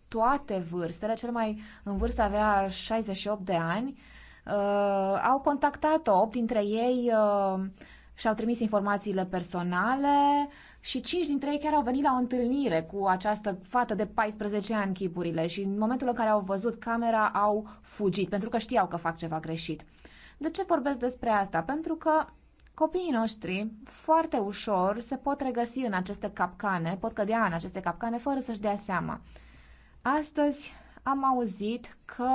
toate vârstele, cel mai în vârstă avea 68 de ani, uh, au contactat-o, 8 dintre ei uh, și-au trimis informațiile personale, uh, și cinci dintre ei chiar au venit la o întâlnire cu această fată de 14 ani chipurile și în momentul în care au văzut camera au fugit pentru că știau că fac ceva greșit. De ce vorbesc despre asta? Pentru că copiii noștri foarte ușor se pot regăsi în aceste capcane, pot cădea în aceste capcane fără să-și dea seama. Astăzi am auzit că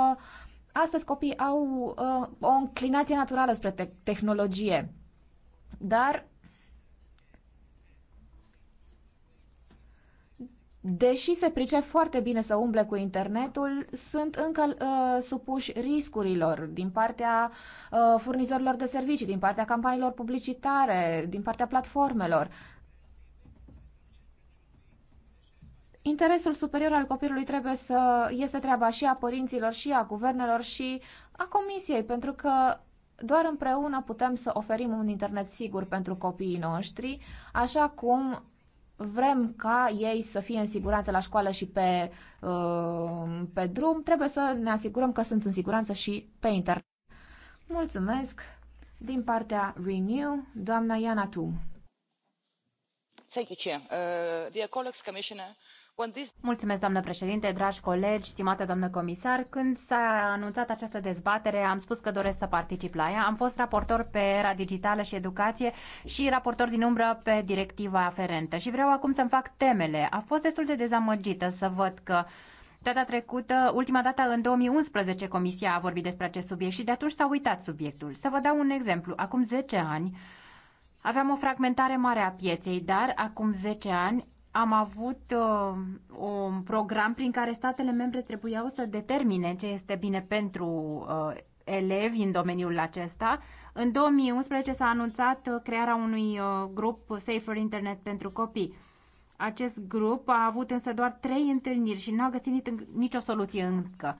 astăzi copiii au uh, o înclinație naturală spre te- tehnologie, dar deși se pricep foarte bine să umble cu internetul, sunt încă uh, supuși riscurilor din partea uh, furnizorilor de servicii, din partea campaniilor publicitare, din partea platformelor. Interesul superior al copilului trebuie să este treaba și a părinților, și a guvernelor, și a comisiei, pentru că doar împreună putem să oferim un internet sigur pentru copiii noștri, așa cum vrem ca ei să fie în siguranță la școală și pe, uh, pe drum, trebuie să ne asigurăm că sunt în siguranță și pe internet. Mulțumesc! Din partea Renew, doamna Iana Tum. Thank you, Chair. Uh, dear colleagues, Commissioner,
Mulțumesc, doamnă președinte, dragi colegi, stimată doamnă comisar. Când s-a anunțat această dezbatere, am spus că doresc să particip la ea. Am fost raportor pe era digitală și educație și raportor din umbră pe directiva aferentă. Și vreau acum să-mi fac temele. A fost destul de dezamăgită să văd că Data trecută, ultima dată în 2011, Comisia a vorbit despre acest subiect și de atunci s-a uitat subiectul. Să vă dau un exemplu. Acum 10 ani aveam o fragmentare mare a pieței, dar acum 10 ani am avut uh, un program prin care statele membre trebuiau să determine ce este bine pentru uh, elevi în domeniul acesta. În 2011 s-a anunțat uh, crearea unui uh, grup Safer Internet pentru copii. Acest grup a avut însă doar trei întâlniri și nu a găsit nicio soluție încă.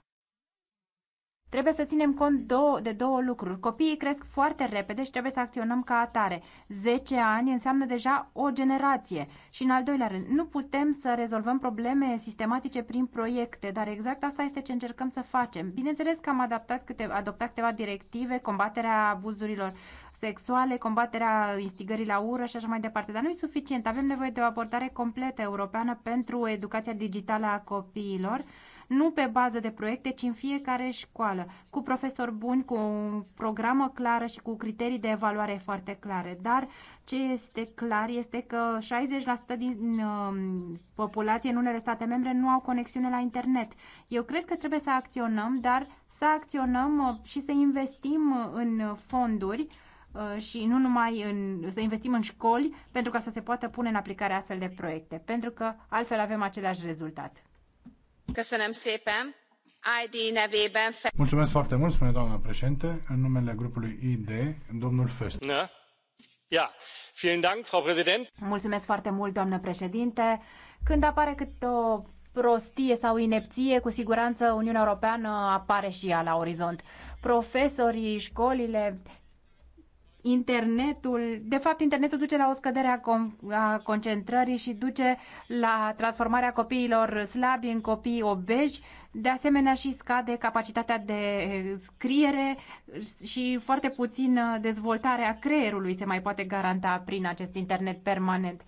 Trebuie să ținem cont două, de două lucruri. Copiii cresc foarte repede și trebuie să acționăm ca atare. 10 ani înseamnă deja o generație. Și în al doilea rând, nu putem să rezolvăm probleme sistematice prin proiecte, dar exact asta este ce încercăm să facem. Bineînțeles că am adaptat câte, adoptat câteva directive, combaterea abuzurilor sexuale, combaterea instigării la ură și așa mai departe. Dar nu e suficient. Avem nevoie de o abordare completă europeană pentru educația digitală a copiilor nu pe bază de proiecte, ci în fiecare școală, cu profesori buni, cu o programă clară și cu criterii de evaluare foarte clare. Dar ce este clar este că 60% din uh, populație în unele state membre nu au conexiune la internet. Eu cred că trebuie să acționăm, dar să acționăm uh, și să investim uh, în fonduri uh, și nu numai în, să investim în școli pentru ca să se poată pune în aplicare astfel de proiecte, pentru că altfel avem același rezultat. Mulțumesc
foarte mult, președinte, în numele grupului ID, domnul Fest.
Da.
Mulțumesc foarte mult, doamnă președinte. Când apare cât o prostie sau inepție, cu siguranță Uniunea Europeană apare și ea la orizont. Profesorii, școlile internetul, de fapt internetul duce la o scădere a, con- a concentrării și duce la transformarea copiilor slabi în copii obeji, de asemenea și scade capacitatea de scriere și foarte puțin dezvoltarea creierului se mai poate garanta prin acest internet permanent.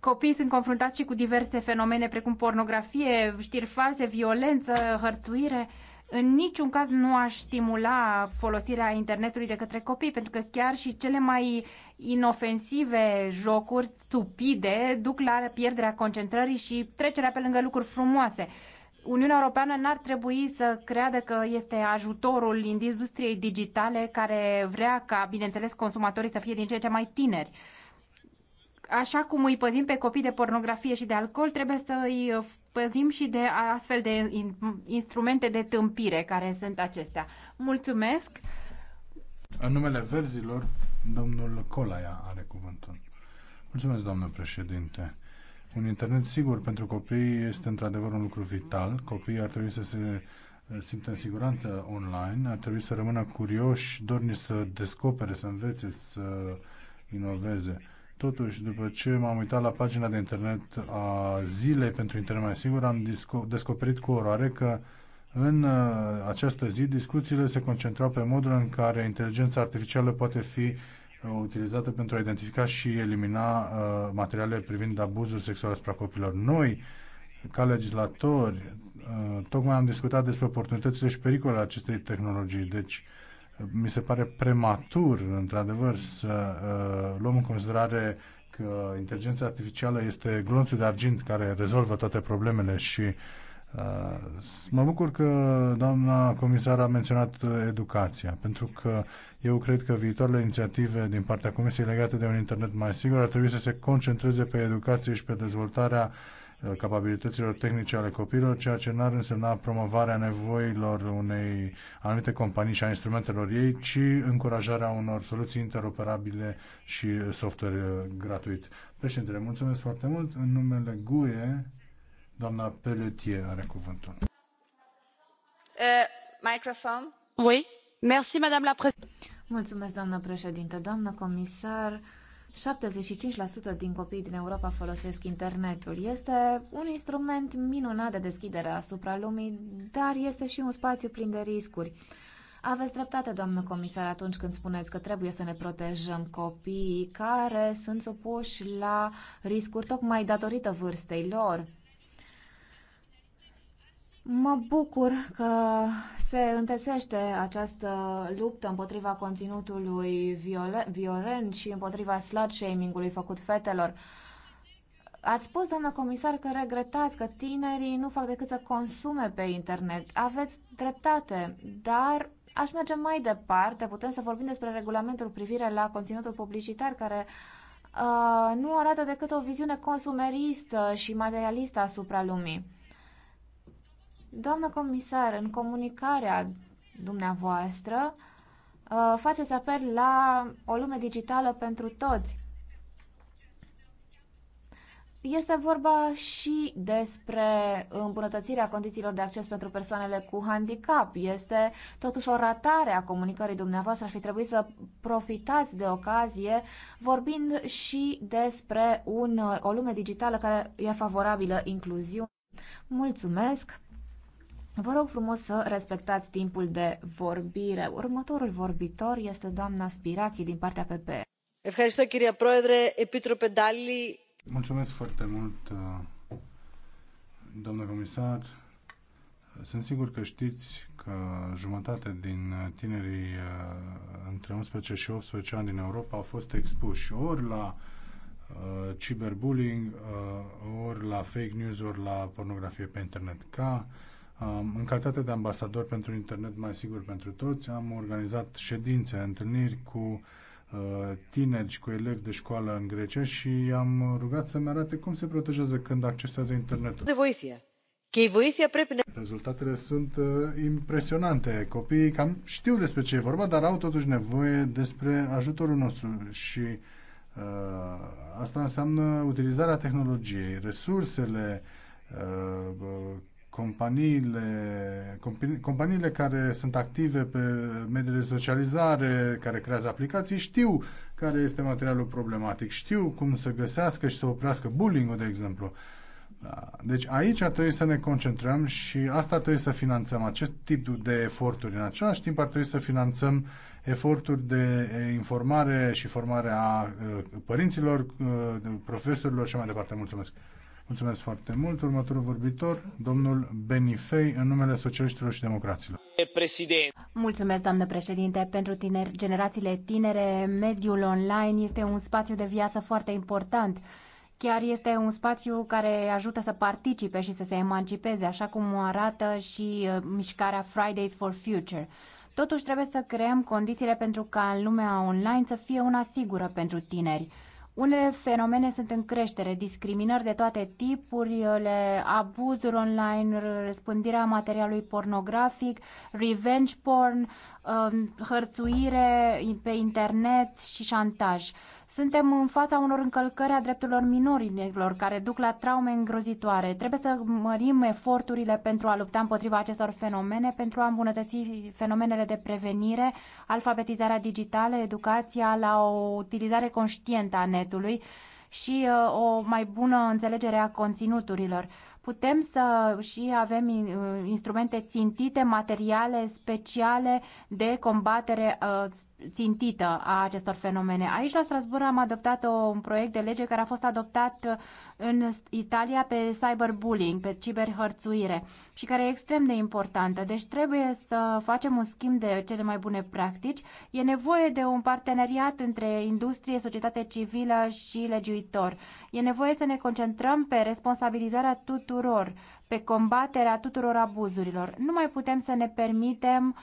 Copiii sunt confruntați și cu diverse fenomene precum pornografie, știri false, violență, hărțuire în niciun caz nu aș stimula folosirea internetului de către copii, pentru că chiar și cele mai inofensive jocuri stupide duc la pierderea concentrării și trecerea pe lângă lucruri frumoase. Uniunea Europeană n-ar trebui să creadă că este ajutorul industriei digitale care vrea ca, bineînțeles, consumatorii să fie din ce ce mai tineri. Așa cum îi păzim pe copii de pornografie și de alcool, trebuie să îi păzim și de astfel de instrumente de tâmpire care sunt acestea. Mulțumesc!
În numele verzilor, domnul Colaia are cuvântul. Mulțumesc, domnul președinte. Un internet sigur pentru copii este într-adevăr un lucru vital. Copiii ar trebui să se uh, simtă în siguranță online, ar trebui să rămână curioși, dorni să descopere, să învețe, să inoveze. Totuși, după ce m-am uitat la pagina de internet a Zilei pentru Internet mai sigur, am descoperit cu oroare că în uh, această zi discuțiile se concentrau pe modul în care inteligența artificială poate fi uh, utilizată pentru a identifica și elimina uh, materiale privind abuzul sexual asupra copilor. Noi, ca legislatori, uh, tocmai am discutat despre oportunitățile și pericolele acestei tehnologii. Deci, uh, mi se pare prematur, într-adevăr, să uh, luăm în considerare că inteligența artificială este glonțul de argint care rezolvă toate problemele și uh, mă bucur că doamna comisar a menționat educația, pentru că eu cred că viitoarele inițiative din partea Comisiei legate de un internet mai sigur ar trebui să se concentreze pe educație și pe dezvoltarea uh, capabilităților tehnice ale copiilor, ceea ce n-ar însemna promovarea nevoilor unei anumite companii și a instrumentelor ei, ci încurajarea unor soluții interoperabile și software gratuit. Președintele, mulțumesc foarte mult. În numele GUE, doamna Pelletier are cuvântul. Uh, microfon. Oui. Merci, madame la
Mulțumesc, doamna președinte, doamna comisar. 75% din copiii din Europa folosesc internetul. Este un instrument minunat de deschidere asupra lumii, dar este și un spațiu plin de riscuri. Aveți dreptate, doamnă comisar, atunci când spuneți că trebuie să ne protejăm copiii care sunt supuși la riscuri tocmai datorită vârstei lor. Mă bucur că se întețește această luptă împotriva conținutului violent și împotriva slut shaming-ului făcut fetelor. Ați spus, doamnă comisar, că regretați că tinerii nu fac decât să consume pe internet. Aveți dreptate, dar aș merge mai departe. Putem să vorbim despre regulamentul privire la conținutul publicitar care uh, nu arată decât o viziune consumeristă și materialistă asupra lumii. Doamnă comisar, în comunicarea dumneavoastră uh, faceți apel la o lume digitală pentru toți. Este vorba și despre îmbunătățirea condițiilor de acces pentru persoanele cu handicap. Este totuși o ratare a comunicării dumneavoastră. Ar fi trebuit să profitați de ocazie vorbind și despre un, o lume digitală care e favorabilă incluziunii. Mulțumesc! Vă rog frumos să respectați timpul de vorbire. Următorul vorbitor este doamna Spirachi din partea PP.
Mulțumesc foarte mult, uh, domnule comisar. Sunt sigur că știți că jumătate din tinerii uh, între 11 și 18 ani din Europa au fost expuși ori la uh, cyberbullying, uh, ori la fake news, ori la pornografie pe internet. Ca în calitate de ambasador pentru internet mai sigur pentru toți, am organizat ședințe, întâlniri cu uh, tineri, cu elevi de școală în Grecia și am rugat să-mi arate cum se protejează când accesează internetul. De voiție. Rezultatele sunt uh, impresionante. Copiii cam știu despre ce e vorba, dar au totuși nevoie despre ajutorul nostru și uh, asta înseamnă utilizarea tehnologiei, resursele, uh, companiile, compani, companiile care sunt active pe mediile de socializare, care creează aplicații, știu care este materialul problematic, știu cum să găsească și să oprească bullying-ul, de exemplu. Da, deci aici ar trebui să ne concentrăm și asta ar trebui să finanțăm, acest tip de eforturi. În același timp ar trebui să finanțăm eforturi de informare și formare a părinților, profesorilor și mai departe. Mulțumesc! Mulțumesc foarte mult. Următorul vorbitor, domnul Benifei, în numele Socialiștilor și Democraților. Președinte.
Mulțumesc, doamnă președinte. Pentru tineri, generațiile tinere, mediul online este un spațiu de viață foarte important. Chiar este un spațiu care ajută să participe și să se emancipeze, așa cum arată și uh, mișcarea Fridays for Future. Totuși trebuie să creăm condițiile pentru ca lumea online să fie una sigură pentru tineri. Unele fenomene sunt în creștere, discriminări de toate tipurile, abuzuri online, răspândirea materialului pornografic, revenge porn, um, hărțuire pe internet și șantaj. Suntem în fața unor încălcări a drepturilor minorilor care duc la traume îngrozitoare. Trebuie să mărim eforturile pentru a lupta împotriva acestor fenomene, pentru a îmbunătăți fenomenele de prevenire, alfabetizarea digitală, educația la o utilizare conștientă a netului și uh, o mai bună înțelegere a conținuturilor putem să și avem uh, instrumente țintite, materiale speciale de combatere uh, țintită a acestor fenomene. Aici la Strasbourg am adoptat un proiect de lege care a fost adoptat uh, în Italia pe cyberbullying, pe ciberhărțuire și care e extrem de importantă. Deci trebuie să facem un schimb de cele mai bune practici. E nevoie de un parteneriat între industrie, societate civilă și legiuitor. E nevoie să ne concentrăm pe responsabilizarea tuturor, pe combaterea tuturor abuzurilor. Nu mai putem să ne permitem uh,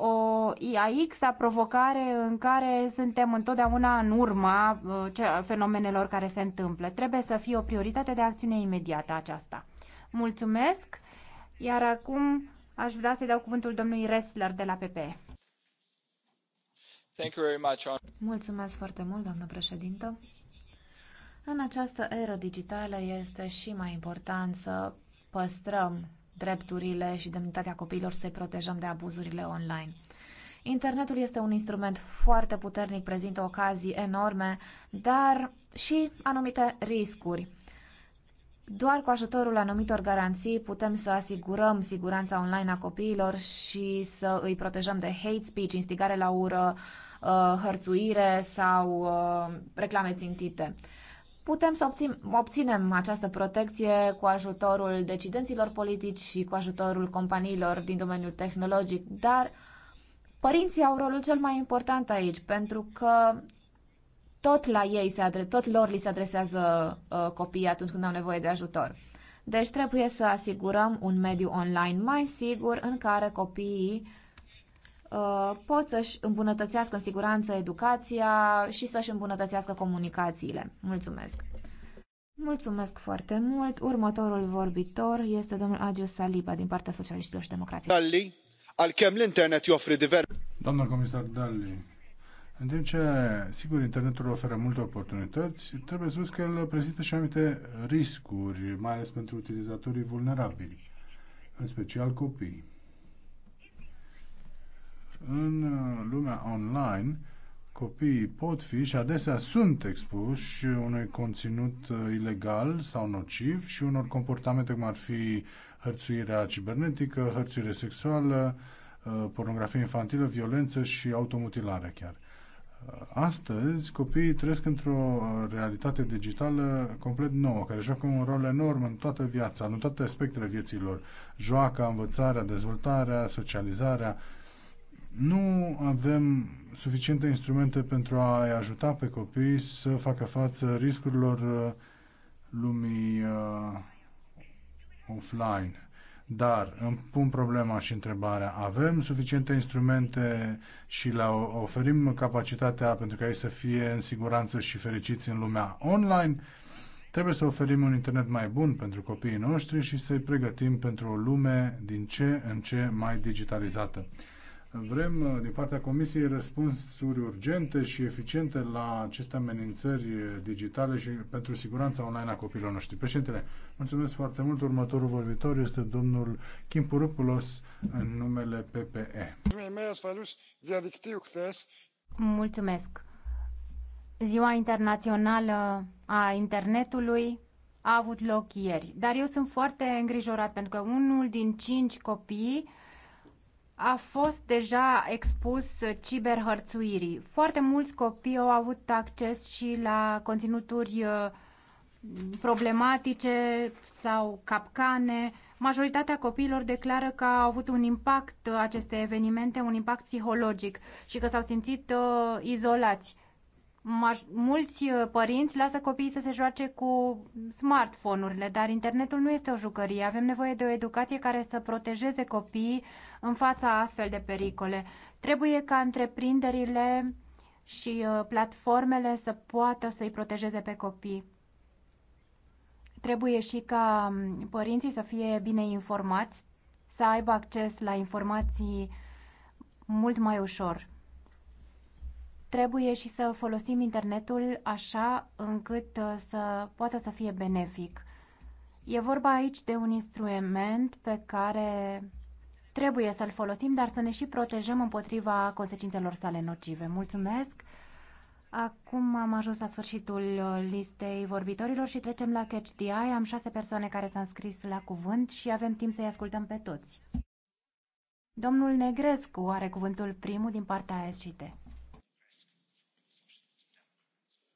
o IAX a provocare în care suntem întotdeauna în urma uh, fenomenelor care se întâmplă. Trebuie să fie o prioritate de acțiune imediată aceasta. Mulțumesc! Iar acum
aș vrea să-i dau cuvântul domnului Ressler de la PPE. Mulțumesc foarte mult, doamnă președintă. În această eră digitală este și mai important să păstrăm drepturile și demnitatea copiilor, să-i protejăm de abuzurile online. Internetul este un instrument foarte puternic, prezintă ocazii enorme, dar și anumite riscuri. Doar cu ajutorul anumitor garanții putem să asigurăm siguranța online a copiilor și să îi protejăm de hate speech, instigare la ură, uh, hărțuire sau uh, reclame țintite putem să obțin, obținem această protecție cu ajutorul decidenților politici și cu ajutorul companiilor din domeniul tehnologic, dar părinții au rolul cel mai important aici, pentru că tot la ei se adre- tot lor li se adresează uh, copiii atunci când au nevoie de ajutor. Deci trebuie să asigurăm un mediu online mai sigur în care copiii Uh, pot să-și îmbunătățească în siguranță educația și să-și îmbunătățească comunicațiile. Mulțumesc! Mulțumesc foarte mult! Următorul vorbitor este domnul Agiu Saliba din partea Socialiștilor și Democraților.
Dalli, al chem internet oferi diver... Domnul comisar Dalli, în timp ce, sigur, internetul oferă multe oportunități, trebuie spus că el prezintă și anumite riscuri, mai ales pentru utilizatorii vulnerabili, în special copii în uh, lumea online copiii pot fi și adesea sunt expuși unui conținut uh, ilegal sau nociv și unor comportamente cum ar fi hărțuirea cibernetică, hărțuire sexuală, uh, pornografie infantilă, violență și automutilare chiar. Astăzi, copiii trăiesc într-o realitate digitală complet nouă, care joacă un rol enorm în toată viața, în toate aspectele vieților. Joaca, învățarea, dezvoltarea, socializarea, nu avem suficiente instrumente pentru a-i ajuta pe copii să facă față riscurilor uh, lumii uh, offline. Dar îmi pun problema și întrebarea, avem suficiente instrumente și le oferim capacitatea pentru ca ei să fie în siguranță și fericiți în lumea online? Trebuie să oferim un internet mai bun pentru copiii noștri și să-i pregătim pentru o lume din ce în ce mai digitalizată. Vrem uh, din partea Comisiei răspunsuri urgente și eficiente la aceste amenințări uh, digitale și pentru siguranța online a copiilor noștri. Președintele, mulțumesc foarte mult. Următorul vorbitor este domnul Purupulos, în numele PPE. Mulțumesc.
Ziua Internațională a Internetului a avut loc ieri, dar eu sunt foarte îngrijorat pentru că unul din cinci copii a fost deja expus ciberhărțuirii. Foarte mulți copii au avut acces și la conținuturi uh, problematice sau capcane. Majoritatea copiilor declară că au avut un impact aceste evenimente, un impact psihologic și că s-au simțit uh, izolați mulți uh, părinți lasă copiii să se joace cu smartphone-urile, dar internetul nu este o jucărie. Avem nevoie de o educație care să protejeze copiii în fața astfel de pericole. Trebuie ca întreprinderile și uh, platformele să poată să-i protejeze pe copii. Trebuie și ca um, părinții să fie bine informați, să aibă acces la informații mult mai ușor. Trebuie și să folosim internetul așa încât uh, să poată să fie benefic. E vorba aici de un instrument pe care trebuie să-l folosim, dar să ne și protejăm împotriva consecințelor sale nocive. Mulțumesc! Acum am ajuns la sfârșitul uh, listei vorbitorilor și trecem la Catch the Eye. Am șase persoane care s-au înscris la cuvânt și avem timp să-i ascultăm pe toți. Domnul Negrescu are cuvântul primul din partea SCT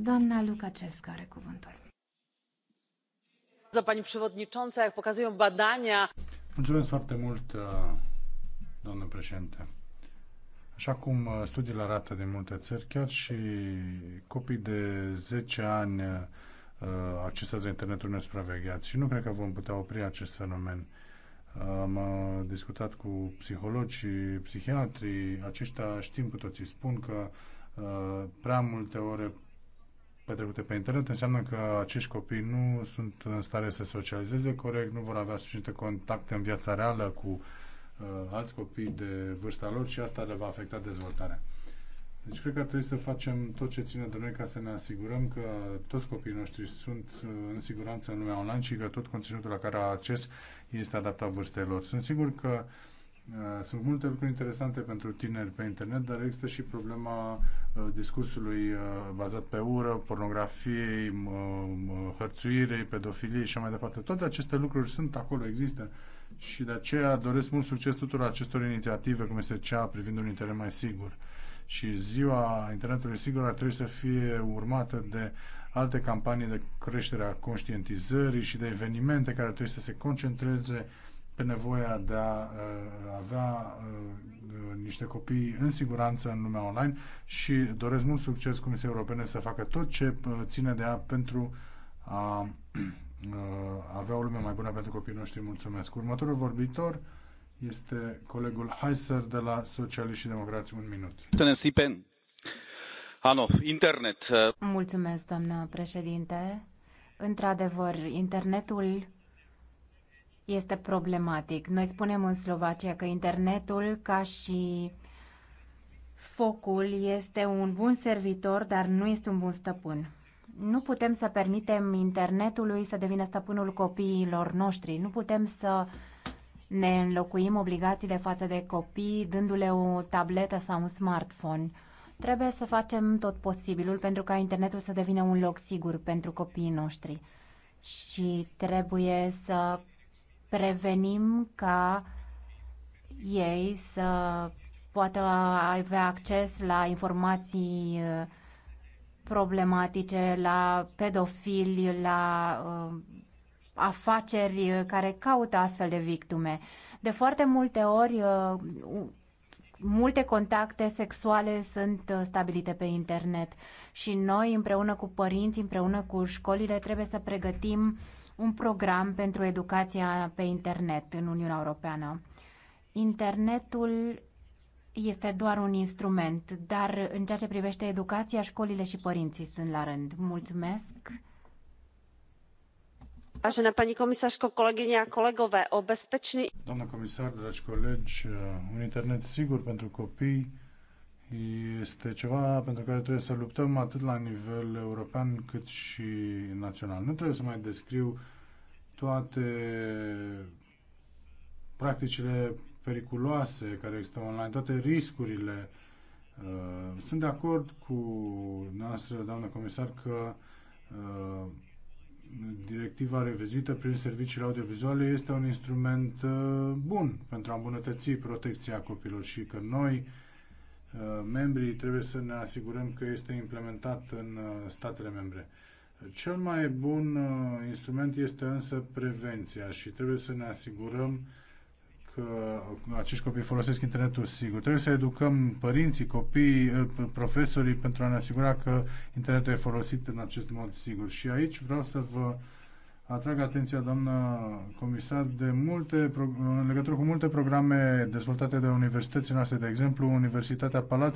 Doamna Lukacevska are cuvântul. Pani przewodnicząca, jak pokazują badania.
Mulțumesc foarte mult, uh, doamnă președinte. Așa cum uh, studiile arată din multe țări, chiar și copii de 10 ani uh, accesează internetul nesupravegheat și nu cred că vom putea opri acest fenomen. Am discutat cu psihologi, psihiatri, aceștia știm cu toții, spun că prea multe ore petrecute pe internet înseamnă că acești copii nu sunt în stare să socializeze corect, nu vor avea suficiente contacte în viața reală cu uh, alți copii de vârsta lor și asta le va afecta dezvoltarea. Deci cred că ar trebui să facem tot ce ține de noi ca să ne asigurăm că toți copiii noștri sunt uh, în siguranță în lumea online și că tot conținutul la care au acces este adaptat vârstelor. Sunt sigur că uh, Eh, sunt multe lucruri interesante pentru tineri pe internet, dar există și problema eh, discursului eh, bazat pe ură, pornografiei, hărțuirei, pedofiliei și mai departe. Toate aceste lucruri sunt acolo, există și de aceea doresc mult succes tuturor acestor inițiative, cum este cea privind un internet mai sigur. Și ziua internetului sigur ar trebui să fie urmată de alte campanii de creștere a conștientizării și de evenimente care trebuie să se concentreze pe nevoia de a uh, avea uh, niște copii în siguranță în lumea online și doresc mult succes Comisiei Europene să facă tot ce uh, ține de ea pentru a avea o lume mai bună pentru copiii noștri. Mulțumesc! Următorul vorbitor este colegul Heiser de la Socialiști și Democrați. Un minut.
Internet.
Mulțumesc, doamnă președinte. Într-adevăr, internetul este problematic. Noi spunem în Slovacia că internetul, ca și focul, este un bun servitor, dar nu este un bun stăpân. Nu putem să permitem internetului să devină stăpânul copiilor noștri. Nu putem să ne înlocuim obligațiile față de copii dându-le o tabletă sau un smartphone. Trebuie să facem tot posibilul pentru ca internetul să devină un loc sigur pentru copiii noștri și trebuie să prevenim ca ei să poată avea acces la informații uh, problematice, la pedofili, la uh, afaceri care caută astfel de victime. De foarte multe ori, uh, multe contacte sexuale sunt uh, stabilite pe internet și noi, împreună cu părinți, împreună cu școlile, trebuie să pregătim uh, un program pentru educația pe internet în Uniunea Europeană. Internetul este doar un instrument, dar în ceea ce privește educația, școlile și părinții sunt la rând. Mulțumesc! Vážená paní komisařko, kolegyně a kolegové, o bezpečný...
Doamna comisar, dragi colegi, un internet sigur pentru copii este ceva pentru care trebuie să luptăm atât la nivel european cât și național. Nu trebuie să mai descriu toate practicile periculoase care există online, toate riscurile. Uh, sunt de acord cu noastră, doamnă comisar, că uh, directiva revizuită prin serviciile audiovizuale este un instrument uh, bun pentru a îmbunătăți protecția copilor și că noi Uh, membrii trebuie să ne asigurăm că este implementat în uh, statele membre. Uh, cel mai bun instrument este însă prevenția și trebuie să ne asigurăm că acești copii folosesc internetul sigur. Trebuie să educăm părinții, copiii, profesorii pentru a ne asigura că internetul e folosit în acest mod sigur. Și aici vreau să vă Atrag atenția, doamnă comisar, de multe, în legătură cu multe programe dezvoltate de universitățile noastre, de exemplu Universitatea Palat